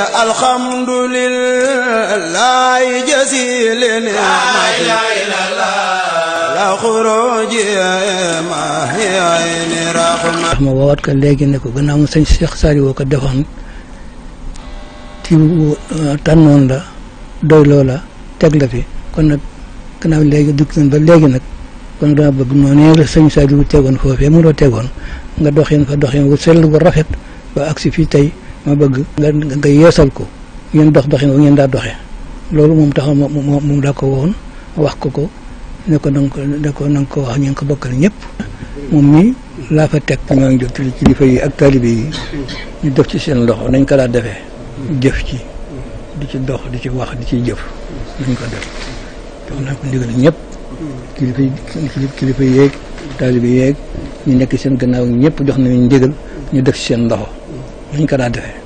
الحمد لله جزيل نعمته لا إله إلا الله لا خروج ما هي عين ko léegi ne ko gannaaw mu sëñ Cheikh Saliou ko defoon ci uh, tànnoon la doy la teg la fi kon nag gannaaw léegi dugg nañ ba léegi nag kon dama bëgg noonu la tegoon nga doxin fa doxin wu sell bu rafet ba agsi fii tey ma bëgg nga nga yeesal ko ngeen dox doxin wa ngeen daa doxee loolu moom taxaw moom moom daa ko woon wax ko ko ne ko ko ne ko ko wax ñu ko bokkal ñëpp moom mii laa fa teg maa ngi jot ci yi ak taalibe yi ñu def ci seen loxo nañ ko daa defee jëf ci di ci dox di ci wax di ci jëf nañ ko def jox naa ko ndigal ñëpp kilifa yi kilifa yeeg taalibe ñu nekk seen gannaaw ñëpp jox nañu ndigal ñu def ci seen loxo liñ ko daan defee.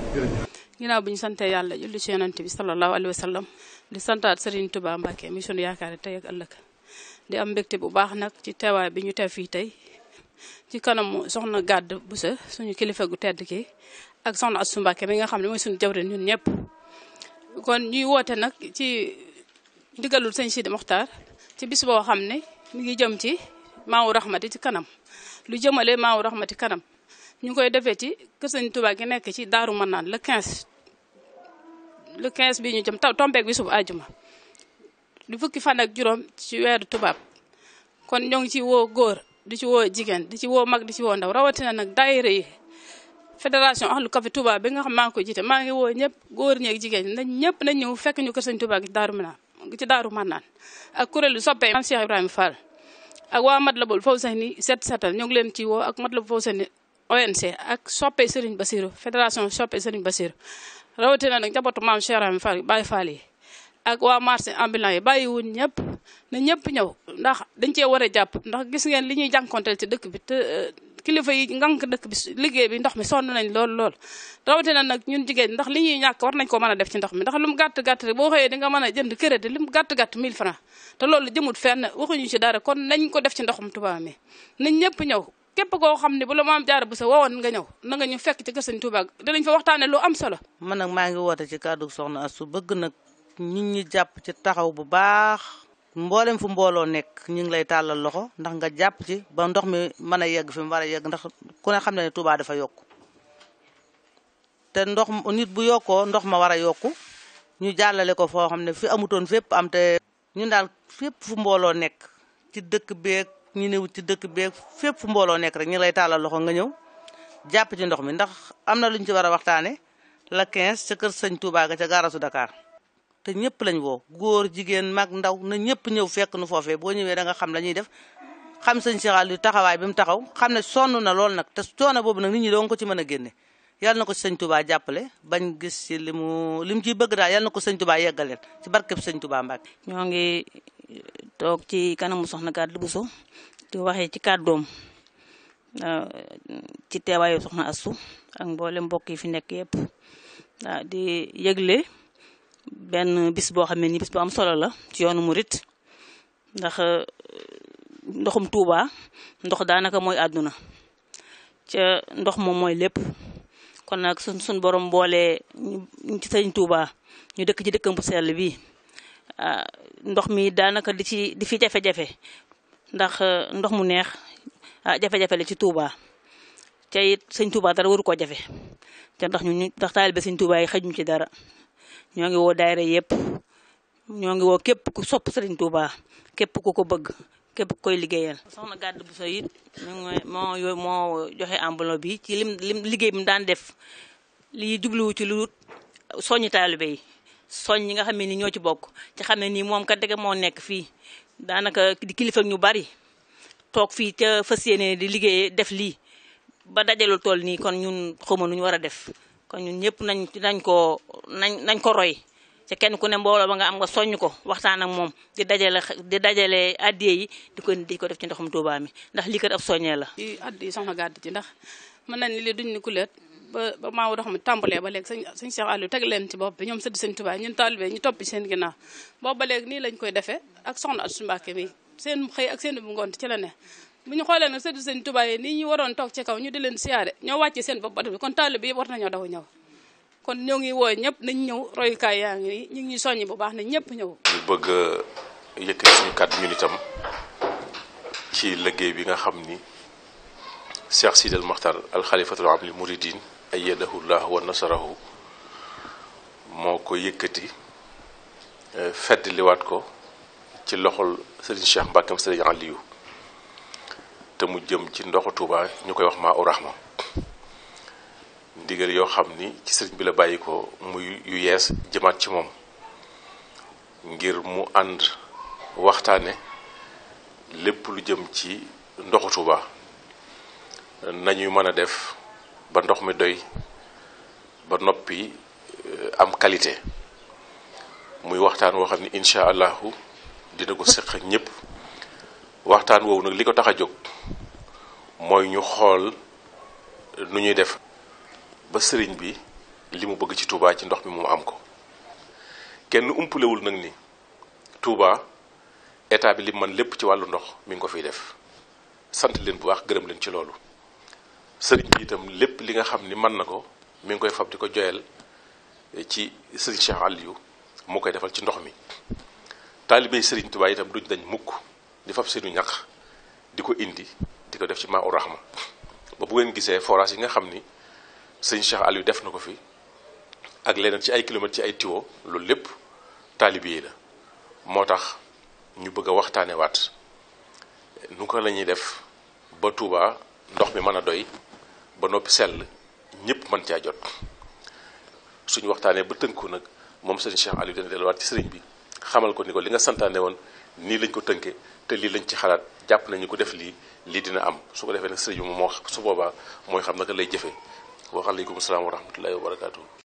ñu santee yàlla julli ci yonent bi sallallahu alayhi wa sallam di santaat Serigne tubaa Mbacke mi sunu yaakaar tey ak ëllëg di am mbégte bu baax nag ci teewaay bi ñu teew fii tey ci kanamu soxna Gàdd Busa suñu kilifa gu tedd ki ak soxna Astou Mbacke mi nga xam ne mooy suñu jawrin ñun ñëpp kon ñuy woote nag ci ndigalul sëñ Sidi Mokhtar ci bis boo xam ne mu ngi jëm ci maawu raxmati ci kanam lu jëmale maawu raxmati kanam ñu ngi koy defee ci kër tubaab Touba gi nekk ci Daaru Manaan le 15 le 15 bii ñu jëm taw tombeeg bi subu àjjuma di fukki fan ak juróom ci weeru tubaab kon ñoo ngi ci woo góor di ci woo jigéen di ci woo mag di ci woo ndaw rawatina nag daayira yi fédération ahlu kafe Touba bi nga xam maa ko koy maa ngi woo ñëpp góor ñeeg jigéen nañ ñëpp nañ ñëw fekk ñu kër sëñ Touba gi ci Daaru Manaan ci Daaru Manaan ak kuréelu soppee Maam Cheikh Ibrahima Fall ak waa Matlabul Fawzayni set setal ñoo ngi leen ci woo ak Matlabul Fawzayni ONC ak soppe Serigne Bassirou fédération soppe Serigne Bassirou rawatina nag njabootu maam Cheikh Rahim Fall Baye Fall ak waa marché ambulant yi bàyyi wuñ ñëpp na ñëpp ñëw ndax dañ cee war a jàpp ndax gis ngeen li ñuy jànkonteel ci dëkk bi te e, kilifa yi ngànk dëkk bi liggéey bi ndox mi sonn nañ lool lool rawatina nag ñun jigéen ndax li ñuy ñàkk war nañ ko mën a def ci ndox mi ndax lu mu gàtt gàtt rek boo xëyee di nga mën a jënd crédit lu mu gàtt gàtt 1000 francs te loolu jëmut fenn waxuñu ci dara kon nañ ko def ci ndoxum Tuubaa mi nañ ñëpp ñëw képp koo xam ne bu la maam jaara a sa wowoon nga ñëw na nga ñu fekk ci kër Sëñ Tuubaa dinañ fa waxtaane lu am solo man nag maa ngi woote ci kàddu soxna Astu bëgg nag nit ñi jàpp ci taxaw bu baax mboolem fu mbooloo nekk ñu ngi lay tàllal loxo ndax nga jàpp ci ba ndox mi mën a yegg fi mu war yegg ndax ku xam ne ne Tuubaa dafa yokk te ndox nit bu yokkoo ndox ma war a yokku ñu jàllale ko foo xam ne fi amutoon fépp am te ñun daal fépp fu mbooloo nekk ci dëkk beeg ñi néew ci dëkk beeg fépp fu mbooloo nekk rek ñi lay taalal loxo nga ñëw jàpp ci ndox mi ndax am na lu ci war a waxtaane la 15 ca kër sëñ Touba ga ca gaarasu Dakar te ñëpp lañ woo góor jigéen mag ndaw na ñëpp ñëw fekk nu foofe boo ñëwee da nga xam la def xam sëñ Cheikh Aliou taxawaay bi mu taxaw xam ne sonn na lool nag te coono boobu nag nit ñi doon ko ci mën a génne yàlla na ko sëñ Touba jàppale bañ gis ci li mu li mu ciy bëgg daal yàlla na ko sëñ Touba yeggaleel ci barkeb sëñ toog ci kanamu soxna Kàddu Buso di waxee ci kàddoom euh, ci teewaayu soxna Astu ak mboole mbokk yi fi nekk yëpp waaw di yëgle benn bis boo xam ne ni bis bu am solo la ci yoonu murit ndax euh, ndoxum Tuuba ndox daanaka mooy àdduna ca ndox moom mooy lépp kon nag sun sun boroom boole ci sëñ Tuuba ñu dëkk ci dëkkam bu sell bii Euh, ndox mi daanaka di ci di fi jafe-jafe ndax euh, ndox mu neex ah, jafe-jafe la ci Touba te it sëñ Touba dara waru koo jafe te ndax ñu ñu ndax taalibe sëñ Touba yi xëjuñ ci dara ñoo ngi woo daayira yëpp ñoo ngi woo képp ku sopp sëriñ Touba képp ku ko bëgg képp ku koy liggéeyal. soxna gàdd bu so moo moo joxe enveloppe bi ci lim lim liggéey bi mu daan def li jubluwu ci lu soññi taalibe yi. soñ ñi nga xam ne ni ñoo ci bokk ci xam ne nii moom kat dëgg moo nekk fii daanaka di kilifa ñu bari toog fii ca fas yéene di liggéey def lii ba dajalul tool nii kon ñun xawma nu ñu war a def kon ñun ñëpp nañ nañ ko nañ nañ ko roy te kenn ku ne mbooloo ba nga am nga soññ ko waxtaan ak moom di dajale di dajale addiye yi di ko di ko def ci ndoxum Tuubaa mi ndax lii kat ab soññee la. addi soxna gàdd ci ndax mën nañ ni duñ ni kuleet ba ba maamu dox tàmbalee ba léegi sëñ sëñ Cheikh Aliou leen ci bopp bi ñoom sëdd sëñ Tuubaa ñun taalibe ñu topp ci seen naa boobu ba léegi nii lañ koy defe ak soxna Astou Mbacké mi seen xëy ak seen bu ngoonte ci la ne bu ñu xoolee nag sëdd sëñ nii ñu waroon toog ci kaw ñu di leen siyaare ñoo wàccee seen bopp batu bi kon taalibe yi war nañoo daw ñëw kon ñoo ngi wooy ñëpp nañ ñëw royu kaay yaa ngi nii ñu ngi ñuy bu baax nañ ñëpp ñëw ñu bëgg yëkkati suñu kàddu ñun itam ci liggéey bi nga xam ni Cheikh Sidal Makhtar al xalifatul am li muridin ayyadahu llah wa nasarahu moo ko yëkkati eh, fedd liwaat ko ci loxol sëriñ Cheikh Mbàkkam sëriñ Aliyu te mu jëm ci ndoxu Tuuba ñu koy wax maa u rahma ndigal yoo xam ni ci sëriñ bi la bàyyi ko muy yu yees jëmaat ci moom ngir mu ànd waxtaane lépp lu jëm ci ndoxu Tuuba nañuy mën a def ba ndox mi doy ba noppi euh, am qualité muy waxtaan woo xam ne incha allahu dina ko séq ak ñëpp waxtaan woowu nag li ko tax a jóg mooy ñu xool nu ñuy def ba sëriñ bi li mu bëgg ci Touba ci ndox mi mu am ko kenn umpulewul nag ni Touba état bi li man lépp ci wàllu ndox mi ngi ko fiy def sant leen bu baax gërëm leen ci loolu sëriñ bi itam lépp li nga xam ni mën na ko mu ngi koy fab di ko joyal eh, ci sëriñ Cheikh Aliou mu koy defal ci ndox mi taalibey sëriñ Tuubaa itam duñ dañ mukk di fab seenu ñaq di ko indi di ko def ci maa u raxma ba bu ngeen gisee forage yi nga xam ni sëriñ Cheikh Aliou def na ko fi ak leneen ci ay kilomètres ci ay tiwo loolu lépp taalibey la moo tax ñu bëgg a waxtaane waat eh, nu ko la ñuy def ba Touba ndox mi mën a doy ba noppi sell ñëpp mën caa jot suñu waxtaanee ba tënku nag moom sëriñ Cheikh Aliou dina delluwaat ci sëriñ bi xamal ko ni ko li nga santaane woon nii lañ ko tënkee te lii lañ ci xalaat jàpp nañu ko def lii lii dina am su ko defee nag sëriñ bi moo su boobaa mooy xam naka lay jëfee wa aleykum salaam wa rahmatullahi wa barakaatu.